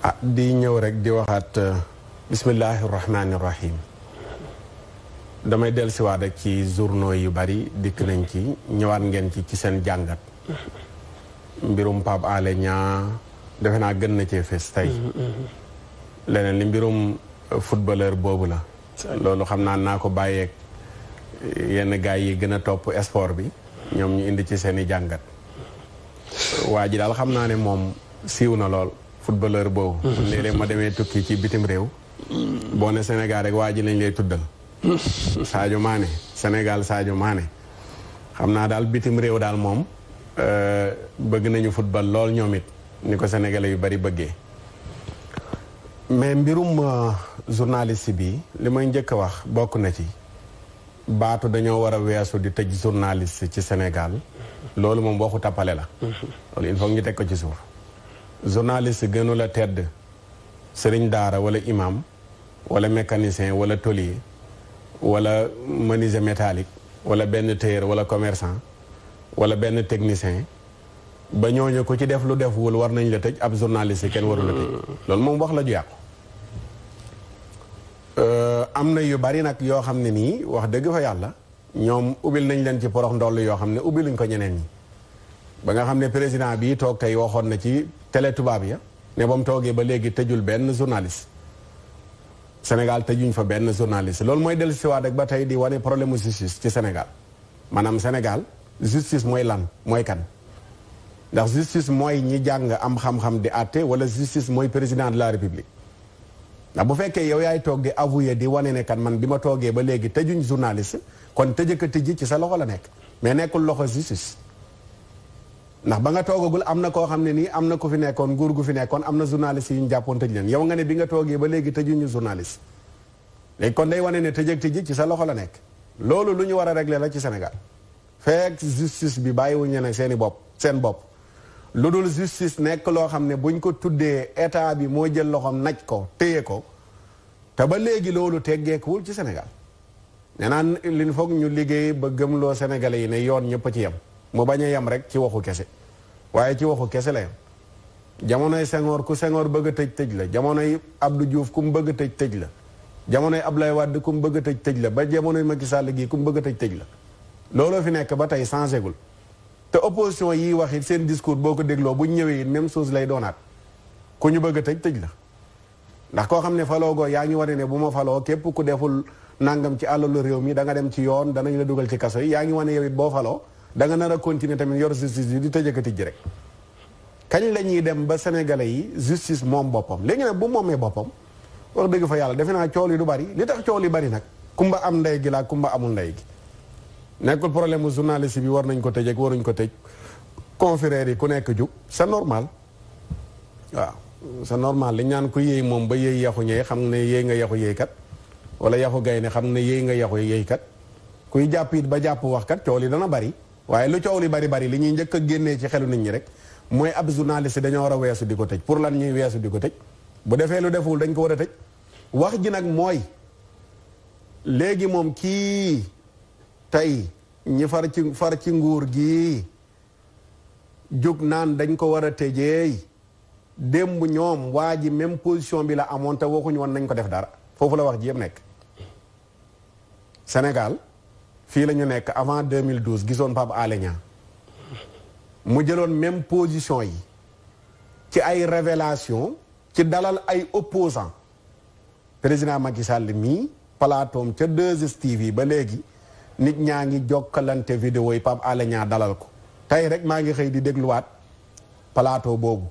ah di ñëw rek di waxaat euh, bismillahi rahmaani rahim damay dellusiwaat rek ci journaux yu bari dikk nañ ci ñëwaat ngeen ci ci seen jàngat mbirum Pape Alé ñaa defe naa gën na cee fees tey mm-hmm, mm-hmm. leneen li mbirum euh, footballeur boobu la loolu xam naa naa ko bàyyeeg euh, yenn gars yi gën a topp espoor bi ñoom ñu indi ci seeni jàngat waa ji daal xam naa ne moom siiw na lool footballeur boobu. Mm-hmm. léeg-léeg ma demee tukki ci bitim réew. Mm-hmm. boo ne Sénégal rek waa ji lañ lay tuddal. Mm-hmm. Sadio Mané Sénégal Sadio Mané. xam naa daal bitim réew daal moom. Euh, bëgg nañu football lool ñoomit it ni ko sénégalais yu bari bëggee. mais mbirum euh, journaliste bi li may njëkk a wax bokk na ci. baatu dañoo war a weesu di tëj journaliste ci Sénégal. loolu moom waxu tappale la. il faut ñu teg ko ci suuf. journaliste gënu la tedd sëriñ daara wala imam wala mécanicien wala tôlier wala menuisier métallique wala benn tailleur wala commerçant wala benn technicien ba ñooñu ko ci def lu def wul war nañ la tëj ab journaliste kenn warul la tëj hmm. loolu moom wax la ju yàqu euh, am na yu bari nag yoo xam ne nii wax dëgg fa yàlla ñoom ubbil nañ leen ci porox ndoll yoo xam ne nañ ko ñeneen ñi ba nga xam ne président bii toog tey waxoon na ci télé tubaab ya ne ba mu toogee ba léegi tëjul benn journaliste Sénégal tëjuñ fa benn journaliste loolu mooy dellu siwaat rek ba tey di wane problème justice ci Sénégal maanaam Sénégal justice mooy lan mooy kan ndax justice mooy ñi jàng am xam-xam di àtte wala justice mooy président de la république ndax bu fekkee yow yaay toog di avouer di wane ne kan man bi ma toogee ba léegi tëjuñ journaliste kon tëjëkkati ji ci sa loxo la nekk mais nekkul loxo justice ndax ba nga toogagul am na koo xam ne nii am na ko fi nekkoon nguur gu fi nekkoon am na journaliste yu ñu jàppoon tëj leen yow nga ne bi nga toogee ba léegi tëjuñu journaliste léegi kon day wane ne tëj ak tëj ci sa loxo la nekk loolu lu ñu war a régler la ci senegal fekk justice bi bàyyiwuñu ne seen i bopp seen bopp lu dul justice nekk loo xam ne buñ ko tuddee état bi moo jël loxoom naj ko téye ko te ba léegi loolu teggeekuwul ci Sénégal nee naan li foog ñu liggéey ba gëmloo Sénégalais yi ne yoon ñëpp ci yem. mu bañ a yem rek ci waxu kese waaye ci waxu kese la yem jamonoy Senghor ku Senghor bëgg tëj tëj la jamonoy Abdou Diouf ku mu bëgg a tëj tëj la jamonoy Ablaye Wade ku mu bëgg tëj tëj la ba jamonoy Macky Sall gii ku mu bëgg a tëj tëj la looloo fi nekk ba tey changé gul te opposition yi wax it seen discours boo ko dégloo bu ñëwee it sos lay doonaat ku ñu bëgg a tëj tëj la ndax koo xam ne faloo goo yaa ngi wane ne bu ma faloo képp ku deful nangam ci àllalu réew mi danga dem ci yoon danañ la dugal ci kaso yaa ngi wane yow it boo faloo da nga nar a continuer tamit yor justice bi di tëjëkkati ji rek kañ la ñuy dem ba sénégalais yi justice moom boppam léegi nag bu moomee boppam wax dëgg fa yàlla defe naa cool yi du bari li tax cool yi bari nag kumba am ndey gi laa kumba amul ndey gi nekkul problème mu journaliste bi war nañ ko tëj ak waruñ ko tëj confrères yi ku nekk jug sa normal waaw sa normal li ñaan ko yéey moom ba yéey yaxu ñëy xam ne yéey nga yaxu kat wala yaxu gaynde xam ne yéey nga yaxu yéeykat kuy jàpp it ba jàpp waxkat cool yi dana bari waaye lu coow li bari bari li ñuy njëkk génnee ci xelu nit ñi rek mooy ab journaliste dañoo war a weesu di ko tëj pour lan ñuy weesu di ko tëj bu defee lu deful dañ ko war a tëj wax ji nag mooy léegi moom kii tey ñi far ci far ci nguur gi jóg naan dañ ko war a tëjeey démb ñoom waa ji même position bi la amoon te waxuñu woon nañ ko def dara foofu la wax ji yëpp nekk Sénégal fii la ñu nekk avant 2012 gisoon Pape Alé Niang mu jëloon même position yi ci ay révélation ci dalal ay opposants président Macky Sall mii palaatoom ca 2STV ba léegi nit ñaa ngi jokkalante vidéo yi Pape Alé dalal ko tey rek maa ngi xëy di dégluwaat palaato boobu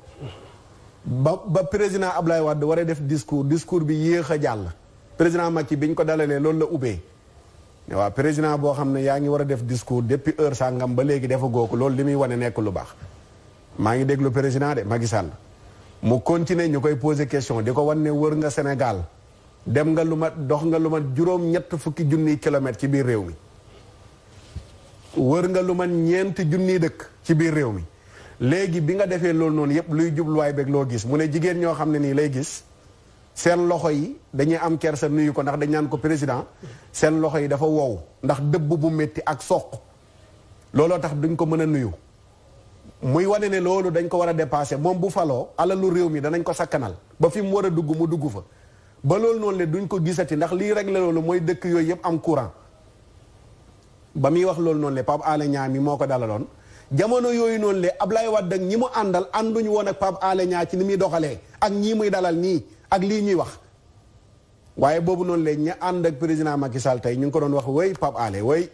ba ba président Ablaye Wade war a def discours discours bi yéex a jàll président Macky biñ ko dalalee loolu la ubbee ne waa président boo xam ne yaa ngi war a def discours depuis heure sàngam ba léegi dafa gooku loolu li muy wane nekk lu baax maa ngi déglu président de Macky Sall mu continuer ñu koy poser question di ko wan wër nga Sénégal dem nga lu mat dox nga lu mat juróom ñett fukki junniy kilomètres ci biir réew mi wër nga lu mat ñeenti junniy dëkk ci biir réew mi léegi bi nga defee loolu noonu yëpp luy jubluwaay beeg loo gis mu ne jigéen ñoo xam ne nii lay gis seen loxo yi dañuy am kersa nuyu ko ndax dañ naan ko président seen loxo yi dafa wow ndax dëbb bu métti ak soq looloo tax duñ ko mën a nuyu muy wane ne loolu dañ ko war a dépassé moom bu faloo alalu réew mi danañ ko sakkanal ba fi mu war a dugg mu dugg fa ba loolu noonu le duñ ko gisati ndax lii rek la loolu mooy dëkk yooyu yëpp am courant ba muy wax loolu noonu le Pape Alé Niang mi moo ko dalaloon jamono yooyu noonu le lay Wade ak ñi mu àndal ànduñ woon ak Pape Alé Niang ci ni muy doxalee ak ñii muy dalal nii ak lii ñuy wax waaye boobu noonu la ña ànd ak président Macky Sall tey ñu ngi ko doon wax way Pape Alé way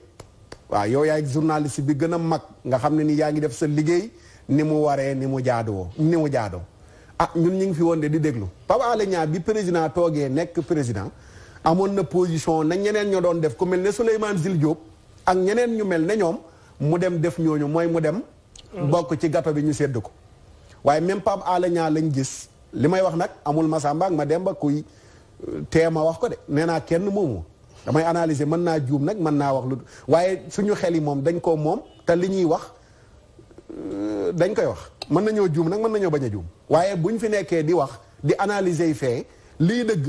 waaw yow yaay journaliste bi gën a mag nga xam ne nii yaa ngi def sa liggéey ni mu waree ni mu jaadoo ni mu jaadoo ah ñun ñu ngi fi woon de di déglu Pape Alé Niang bi président toogee nekk président amoon na position na ñeneen ñoo doon def ku mel ne Souleymane Jules Diop ak ñeneen ñu mel ne ñoom mu dem def ñooñu mooy mu dem mm. bokk ci gato bi ñu sedd ko waaye lañ gis li may wax nag amul ma sàmba ak ma demba kuy euh, tee a wax ko de nee naa kenn moomu damay analyser mën naa juum nag mën naa wax lu waaye suñu xel yi moom dañ koo moom te li ñuy wax euh, dañ koy wax mën nañoo juum nag mën nañoo bañ a juum waaye buñ fi nekkee di wax di analyser yi lii dëgg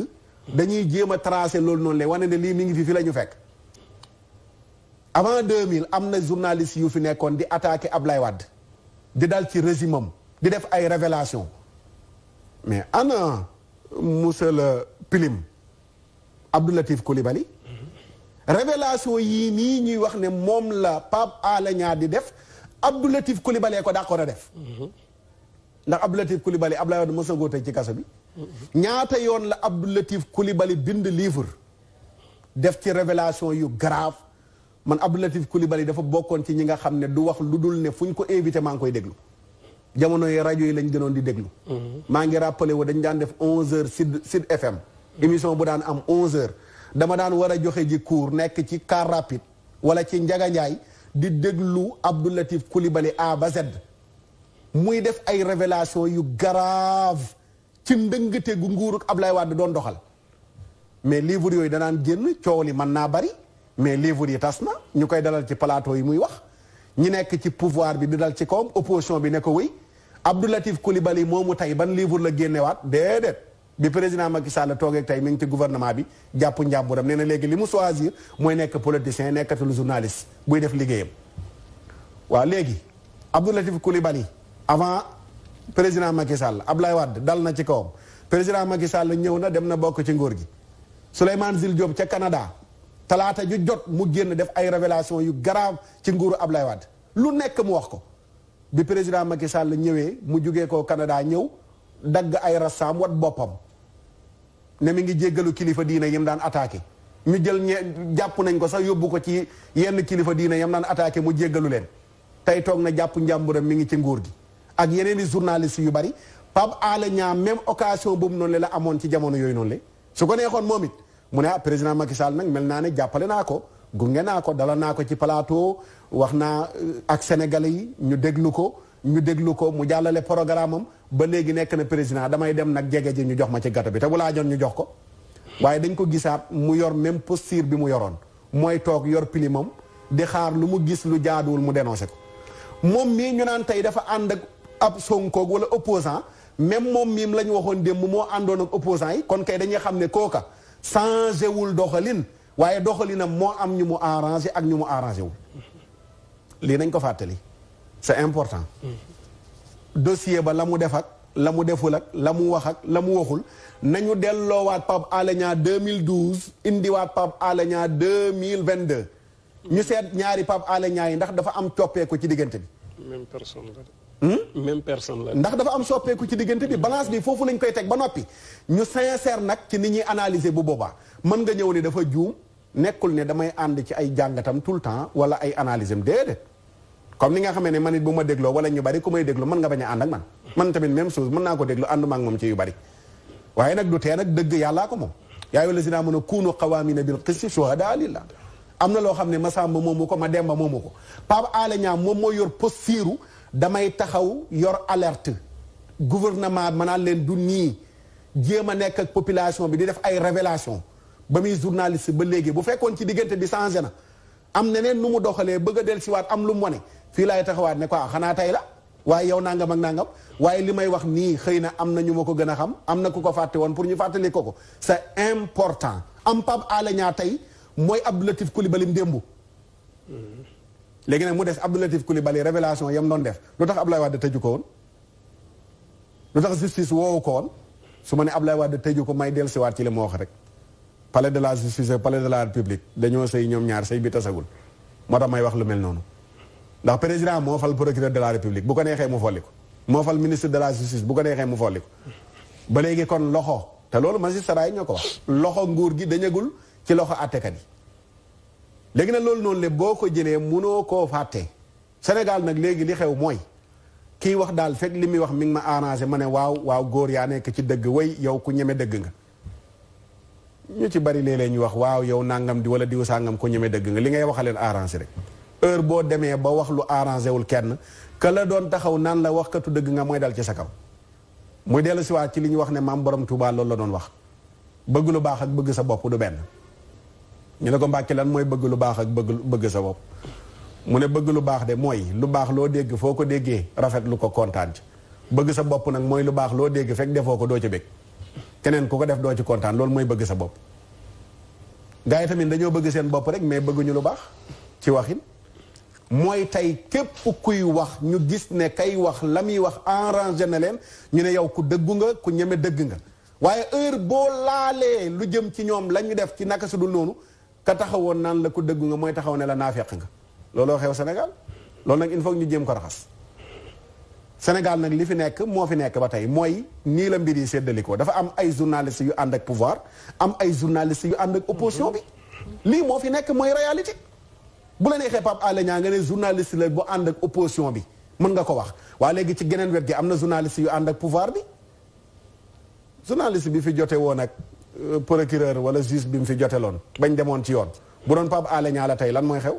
dañuy jéem a tracer loolu noonu la wane ne lii mi ngi fi fi la ñu fekk avant 2000 am na journaliste yu fi nekkoon di ab lay wàdd di dal ci régime am di def ay révélation mais ana monsieur le pilim Abdoulatif Coulibaly révélation yii nii ñuy wax ne moom la Pape la Niang di def Abdoulatif Coulibaly ko d'accord a def ndax Abdoulatif Coulibaly Abdoulaye Wade mos na koo tëj ci kaso bi ñaata yoon la Abdoulatif Coulibaly bind livre def ci révélation yu grave man Abdoulatif Coulibaly dafa bokkoon ci ñi nga xam ne du wax lu dul ne fuñ ko invité maa ngi koy déglu jamono yi rajo yi lañ gënoon di déglu. Mhm. maa ngi rappelé wu dañ daan def 11h Sud Sud FM. émission bu daan am 11h. dama daan war a joxe ji cours nekk ci car rapide wala ci Njaga Njaay di déglu Abdou Latif Coulibaly A ba Z. muy def ay révélation yu grave ci ndëngate gu nguurug Ablaye Wade doon doxal. mais livre yooyu danaan génn coow li mën naa bari mais livre yi tas na ñu koy dalal ci palato yi muy wax. ñi nekk ci pouvoir bi di dal ci kawam opposition bi ne ko wéy. Abdoulatif Coulibaly moomu tey ban livre la génnewaat déedéet bi président Macky Sall toogee tey mi ngi ci gouvernement bi jàpp njàmburam nee na léegi li mu choisir mooy nekk politicien nekkatul journaliste buy def liggéeyam waaw léegi Abdoulatif Coulibaly avant président Macky Sall Ablaye Wade dal na ci kawam président Macky Sall ñëw na dem na bokk ci nguur gi Souleymane Jules ca kanadaa talaata ju jot mu génn def ay révélation yu grave ci nguuru Ablaye Wade lu nekk mu wax ko bi président Macky la ñëwee mu jógee ko kanadaa ñëw dagg ay rassaam wat boppam ne mi ngi jéggalu kilifa diine yam daan attaqué ñu jël ñe jàpp nañ ko sax yóbbu ko ci yenn kilifa diine yam daan attaqué mu jéggalu leen tey toog na jàpp njàmburam mi ngi ci nguur gi ak yeneen i journaliste yu bari Pape Alé Niang même occasion boobu noonu la amoon ci jamono yooyu noonu la su ko neexoon moom it mu ne ah président Macky Sall nag mel naa ne jàppale naa ko gunge naa ko dala naa ko ci palaato wax naa euh, ak sénégalais yi ñu déglu ko ñu déglu ko mu jàllale programme am ba léegi nekk na président damay dem nag jege ji ñu jox ma ci gato bi te laa laajoon ñu jox ko waaye dañ ko gisaat mu yor même posture bi mu yoroon mooy toog yor pilimam di xaar lu mu gis lu jaaduwul mu dénoncé ko moom mii ñu naan tey dafa ànd ak ab sonkoog wala opposant même moom miim la ñu waxoon démb moo àndoon ak opposant yi kon kay dañuy xam ne kooka changé wul doxalin waaye doxalinam moo am ñu mu arrangé ak ñu mu arrangé wu lii nañ ko fàttali c'est important dossier ba la mu def la mu deful ak la mu wax ak la mu waxul nañu delloowaat Pape Alé Niang 2012 indiwaat Pape mille vingt 2022 ñu seet ñaari Pape Alé Niang yi ndax dafa am coppeeku ci diggante bi. même personne hmm? même personne la. ndax dafa am soppeeku ci diggante bi balance bi foofu lañ koy teg ba noppi ñu sincère nag ci ni ñuy analyser bu boobaa mën nga ñëw ni dafa juum. nekkul ne damay ànd ci ay jàngatam tout le temps wala ay analyse am déedéet comme ni nga xamee ne man it bu ma dégloo wala ñu bari ku may déglu man nga bañ a ànd ak man man tamit même chose mën naa ko déglu ànduma ak moom ci yu bari waaye nag du tee nag dëgg yàllaa ko moom yaa ayyuhal lazina aamanu kuunu qawaamiina bil qisti shuhadaa lillah am na loo xam ne ma Masamba moomu ko ma Mademba moomu ko Pape Alé ñaam moom mooy yor posture damay taxaw yor alerte gouvernement manaan leen du nii jéem a nekk ak population bi di def ay révélation ba muy journaliste ba léegi bu fekkoon ci diggante bi changé na am neneen nu mu doxalee bëgg a dellusiwaat am lu mu wane fii laay taxawaat ne ko ah, xanaa tey la waaye yow nangam ak nangam waaye li may wax nii xëy na am na ñu ma ko gën a xam am na ku ko fàtte woon pour ñu fàttali ko ko c'est important am Pape Alé Niang tey mooy Abdou Latif Coulibaly ndémbu léegi nag mu des Abdou Latif Coulibaly révélation yam doon def lu tax Abdoulaye Wade tëju ko woon lu tax justice woowu ko woon su ma ne Abdoulaye Wade tëju ko may dellusiwaat ci li ma wax rek palais de la justice ak palais de la république dañoo sëy ñoom ñaar sëy bi tasagul moo tax may wax lu mel noonu ndax président moo fal procureur de la république bu ko neexee mu folli ko moo fal de la justice bu ko neexee mu folli ko ba léegi kon loxo te loolu ma magistrat yi ñoo ko wax loxo nguur gi dañagul ci loxo àttekat yi léegi nag loolu noonu le boo ko jëlee mënoo koo fàtte Sénégal nag léegi li xew mooy kii wax daal fekk li muy wax mi ngi ma arrangé ma ne waaw waaw góor yaa nekk ci dëgg way yow ku ñeme dëgg nga ñu ci bari léeg leen ñu wax waaw yow nangam di wala diw sàngam ko ñeme dëgg nga li ngay waxaleen arrangé rek heure boo demee ba wax lu arrangé wul kenn ka la doon taxaw naan la wax katu dëgg nga mooy dal ci sa kaw mu dellu siwaat ci li ñu wax ne maam borom Touba loolu la doon wax bëgg lu baax ak bëgg sa bopp du benn ñu ne ko mbàkki lan mooy bëgg lu baax ak bëgg bëgg sa bopp mu ne bëgg lu baax de mooy lu baax loo dégg foo ko déggee rafet lu ko kontaan bëgg sa bopp nag mooy lu baax loo dégg fekk defoo ko doo ca bég keneen ku ko def doo ci kontaan loolu mooy bëgg sa bopp gars yi tamit dañoo bëgg seen bopp rek mais bëgguñu lu baax ci waxin mooy tey képp kuy wax ñu gis ne kay wax la muy wax arrangé na leen ñu ne yow ku dëggu nga ku ñeme dëgg nga waaye heure boo laalee lu jëm ci ñoom la ñu def ci naka su dul noonu ka taxawoon naan la ku dëggu nga mooy taxaw ne la naafeq nga looloo xew Sénégal loolu nag il foog ñu jëm ko raxas Sénégal nag li fi nekk moo fi nekk ba tey mooy nii la mbir yi séddalikoo dafa am ay journalistes yu ànd ak pouvoir am ay journalistes yu ànd ak opposition bi lii moo fi nekk mooy réalité bu la neexee Pape Alé Niang nga ne journaliste la bu ànd ak opposition bi mën nga ko wax waa léegi ci geneen wet gi am na journaliste yu ànd ak pouvoir bi journaliste bi fi jote woon ak euh, procureur wala juge bi mu fi jote loon bañ demoon ci yoon bu doon Pape Alé la tey lan mooy xew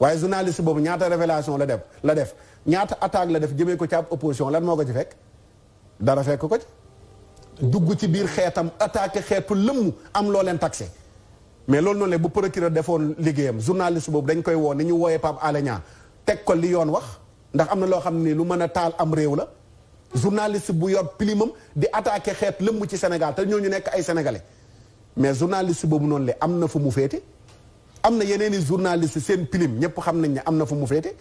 waaye journaliste boobu ñaata révélation la def la def ñaata attaque la def jëmee ko ci ab opposition lan moo ko ci fekk dara fekk ko ci dugg ci biir xeetam attaqué xeetu lëmm am loo leen taxé mais loolu noonu la bu procureur defoon liggéeyam journaliste boobu dañ koy woo ni ñu wooyee Pape Alé Niang teg ko li yoon wax ndax am na loo xam ni lu mën a taal am réew la journaliste bu yor pilimam di attaqué xeet lëmm ci Sénégal te ñu nekk ay sénégale mais journaliste boobu noonu la am na fu mu féete am na yeneen i journaliste seen pilim ñëpp xam nañ ne am na fu mu féete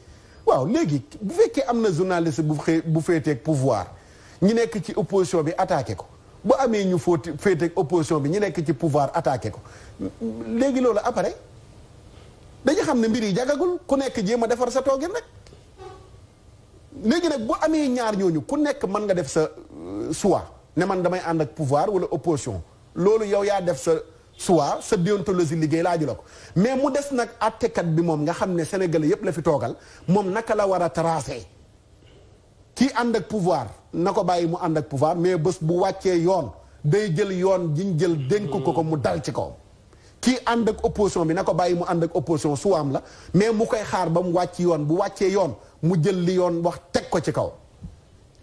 waaw léegi bu fekkee am na journaliste bu xee bu féeteeg pouvoir ñi nekk ci opposition bi attaqué ko bu amee ñu fóoti féeteeg opposition bi ñi nekk ci pouvoir attaqué ko léegi loolu après dañu xam ne mbir yi jagagul ku nekk jéem a defar sa toogin rek léegi nag bu amee ñaar ñooñu ku nekk mën nga def sa soi euh, ne man damay ànd ak pouvoir wala opposition loolu yow yaa def sa soit sa déontologie liggéey laaju la ko mais mu des nag àttekat bi moom nga xam ne sénégalais yépp la fi toogal moom naka la war a tracé kii ànd ak pouvoir na ko bàyyi mu ànd ak pouvoir mais bës bu wàccee yoon day jël yoon jiñ jël dénk ko ko mu dal ci kaw kii ànd ak opposition bi na ko bàyyi mu ànd ak opposition am la mais mu koy xaar ba mu wàcc yoon bu wàccee yoon mu jël li yoon wax teg ko ci kaw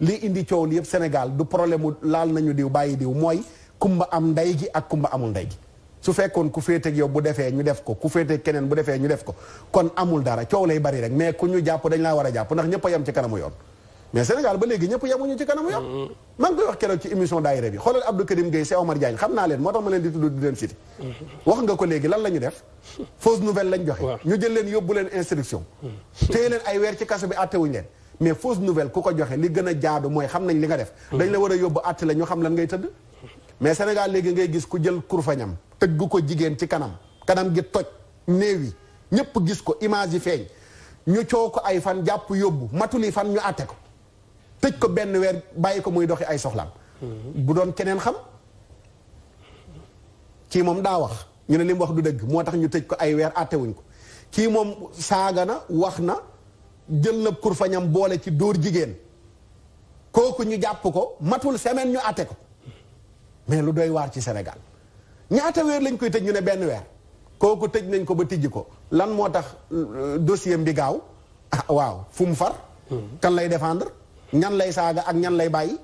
li indi coow li yëpp Sénégal du problème mu laal nañu diw bàyyi diw mooy kumba am ndey gi ak amul ndey gi su fekkoon ku féeteeg yow bu defee ñu def ko ku féeteeg keneen bu defee ñu def ko kon amul dara coow lay bari rek mais ku ñu jàpp dañ laa war a jàpp ndax ñëpp a yem ci kanamu yoon mais Sénégal ba léegi ñëpp yemuñu ci kanamu yoon mm-hmm. maa ngi koy wax keroog ci émission daayira bi xoolal Abdou Karim Gueye Cheikh Omar Diagne xam naa leen moo tax ma leen di mm-hmm. la ñu def fausse nouvelle ñu jël leen yóbbu leen instruction mm-hmm. téye leen ay weer ci kaso bi àttewuñ mais fausse nouvelle ku ko joxe li gën a jaadu mooy xam nañ li nga def dañ la war a yóbbu àtte la xam lan ngay tëdd mais Sénégal léegi ngay gis ku jël kurfañam tëgg ko jigéen ci kanam kanam gi toj néew yi ñëpp gis ko image feeñ ñu coow ko ay fan jàpp yóbbu matuli fan ñu àtte ko tëj ko benn weer bàyyi ko muy doxi ay soxlaam mhm. bu doon keneen xam kii moom daa wax ñu ne li wax du dëgg moo tax ñu tëj ko ay weer àtte ko kii moom saaga na wax na jël na kurfañam boole ci dóor jigéen kooku ñu jàpp ko matul semaine ñu àtte ko mais lu doy waar ci senegal ñaata weer lañ koy tëj ñu ne benn weer kooku tëj nañ ko ba tijji ko lan moo tax euh, dossier bi gaaw ah, waaw fu mu far. Hmm. kan lay défendre ñan lay saaga ak ñan lay bàyyi.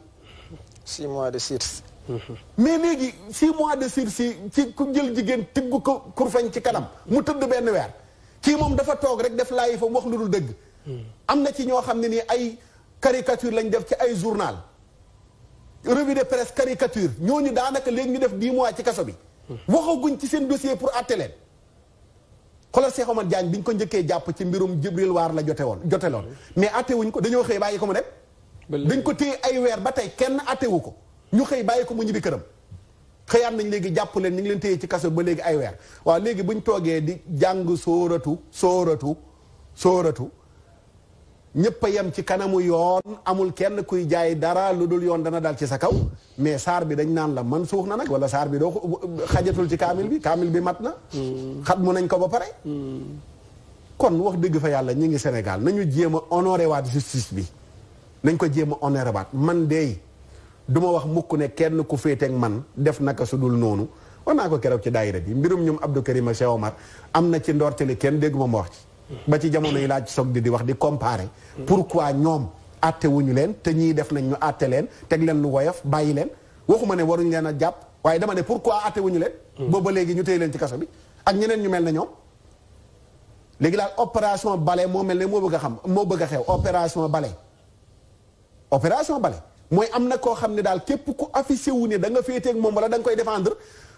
six mois de sursis. Hmm. mais léegi six mois de sursis ci ku jël jigéen tibb ko kurfañ ci kanam mu tëdd benn weer kii moom dafa toog rek def lay fa wax lu dul dëgg. Hmm. am na ci ñoo xam ne nii ay caricature lañ def ci ay journal revue de presse caricature ñooñu daanaka léegi ñu def di mois ci kaso bi. waxaguñ ci seen dossier pour àtte leen xoolal Cheikh Omar Diagne bi ñu ko njëkkee jàpp ci mbirum Jibril Waar la jote woon jote loon mais àtte wuñ ko dañoo xëy bàyyi ko mu dem dañ ko téye ay weer ba tey kenn àtte wu ko ñu xëy bàyyi ko mu ñibbi këram xëyaat nañ léegi jàpp leen ñu ngi leen téye ci kaso ba léegi ay weer waaw léegi buñ toogee di jàng sóoratu sóoratu sóoratu ñëpp a ci kanamu yoon amul kenn kuy jaay dara lu dul yoon dana dal ci sa kaw mais saar bi dañ naan la man suux na nag wala saar bi doo xajatul ci kaamil bi kaamil bi mat na hmm. xat mu nañ ko ba pare hmm. kon wax dëgg fa yàlla ñu ngi Sénégal nañu jéem a honoré waat justice bi nañ ko jéem a honoré waat man de du ma wax mukk ne kenn ku féeteeg man def naka su dul noonu wax naa ko keroog ci daayira bi mbirum ñum Abdou Karim Cheikh Omar am na ci ndorte li kenn dégg ma ma wax ci ba ci jamono yi laaj soog di di wax di comparer. Mm. pourquoi ñoom àtte wuñu leen te ñii def nañ ñu àtte leen teg leen lu woyof bàyyi leen waxuma ne waruñu leen a jàpp waaye dama ne pourquoi àtte wuñu leen. Mm. booba léegi ñu téye leen ci kaso bi ak ñeneen ñu mel na ñoom. léegi daal opération bale moo mel ne moo bëgg a xam moo bëgg a xew opération bale opération bale mooy am na koo xam ne daal képp ku affiché wu ne da nga féetee ak moom wala da nga koy défendre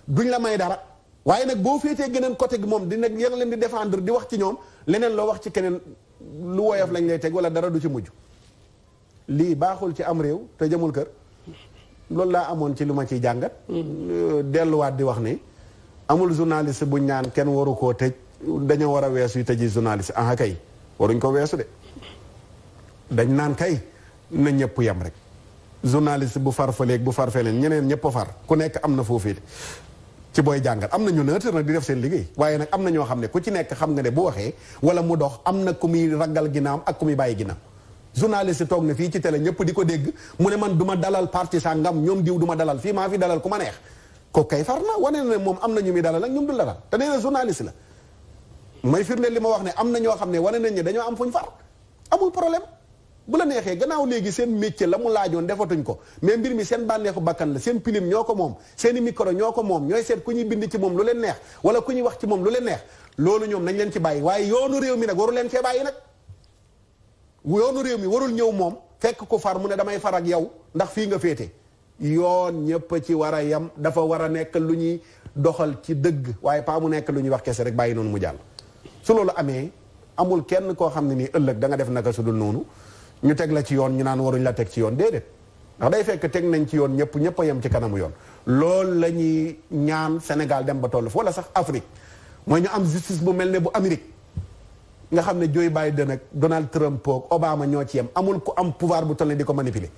duñ la may dara. waaye nag boo féetee geneen côté gi moom dina nag leen di défendre di wax ci ñoom leneen loo wax ci keneen lu woyof lañ lay teg wala dara du ci mujj lii baaxul ci am réew te jëmul kër loolu laa amoon ci lu ma ciy jàngat. Mm. delluwaat di wax ni amul journaliste buñ ñaan kenn waru koo tëj dañoo war a weesu yu tëji journaliste ah kay waruñ ko weesu de dañ naan kay na ñëpp yem rek journaliste bu farfaleeg bu leen ñeneen ñëpp a far ku nekk am na foofii ci booy jàngat am na ñu neutre nag di def seen liggéey waaye nag am na ñoo xam ne ku ci nekk xam nga ne bu waxee wala mu dox am na ku muy ragal ginnaam ak ku muy bàyyi ginnaam journaliste toog na fii ci télé ñëpp di ko dégg mu ne man du ma parti sangam ñoom diw du ma dalal fii maa fi dalal ku ma neex ko kay far na wane na ne moom am na ñu muy dalal ak ñoom du dalal te nee na journaliste la may firndeel li ma wax ne am na ñoo xam ne wane nañ ne dañoo am fuñ far amul problème bu la neexee gannaaw léegi seen métier la mu laajoon defatuñ ko mais mbir mi seen bànneexu bakkan la seen pilim ñoo ko moom seen i micro ñoo ko moom ñooy seet ku ñuy bind ci moom lu leen neex wala ku ñuy wax ci moom lu leen neex loolu ñoom nañ leen ci bàyyi waaye yoonu réew mi nag waru leen réew mi warul ñëw moom fekk ku far mu ne damay far ak yow ndax fii nga féete yoon ñëpp ci war a yem dafa war a nekk lu ñuy doxal ci dëgg waaye pas mu nekk lu ñuy wax kese rek bàyyi noonu mu jàll su loolu amee amul kenn koo xam ne nii ëllëg danga def naka su dul ñu teg la ci yoon ñu naan waruñ la teg ci yoon déedéet ndax day fekk teg nañ ci yoon ñëpp ñëpp a yem ci kanamu yoon lool la ñuy ñaan Sénégal dem ba tollu fa wala sax Afrique mooy ñu am justice bu mel ne bu Amérique nga xam ne Joe Biden ak Donald Trump ak Obama ñoo ci yem amul ku am pouvoir bu toll ne di ko manipuler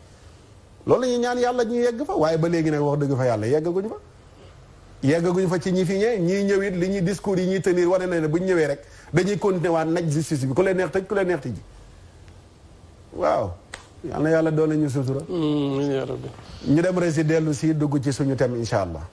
loolu la ñaan yàlla ñu yegg fa waaye ba léegi nag wax dëgg fa yàlla yeggaguñu fa yeggaguñu fa ci ñi fi ñee ñii ñëwit li ñuy discours yi ñuy tenir wane na ne bu ñu ñëwee rek dañuy continuer waat naj justice bi ku leen neex tëj ku leen neex tëj ji waaw yal na yàlla doole ñu sutura mm, ñu dem rek si dellu si dugg ci suñu tem incha allah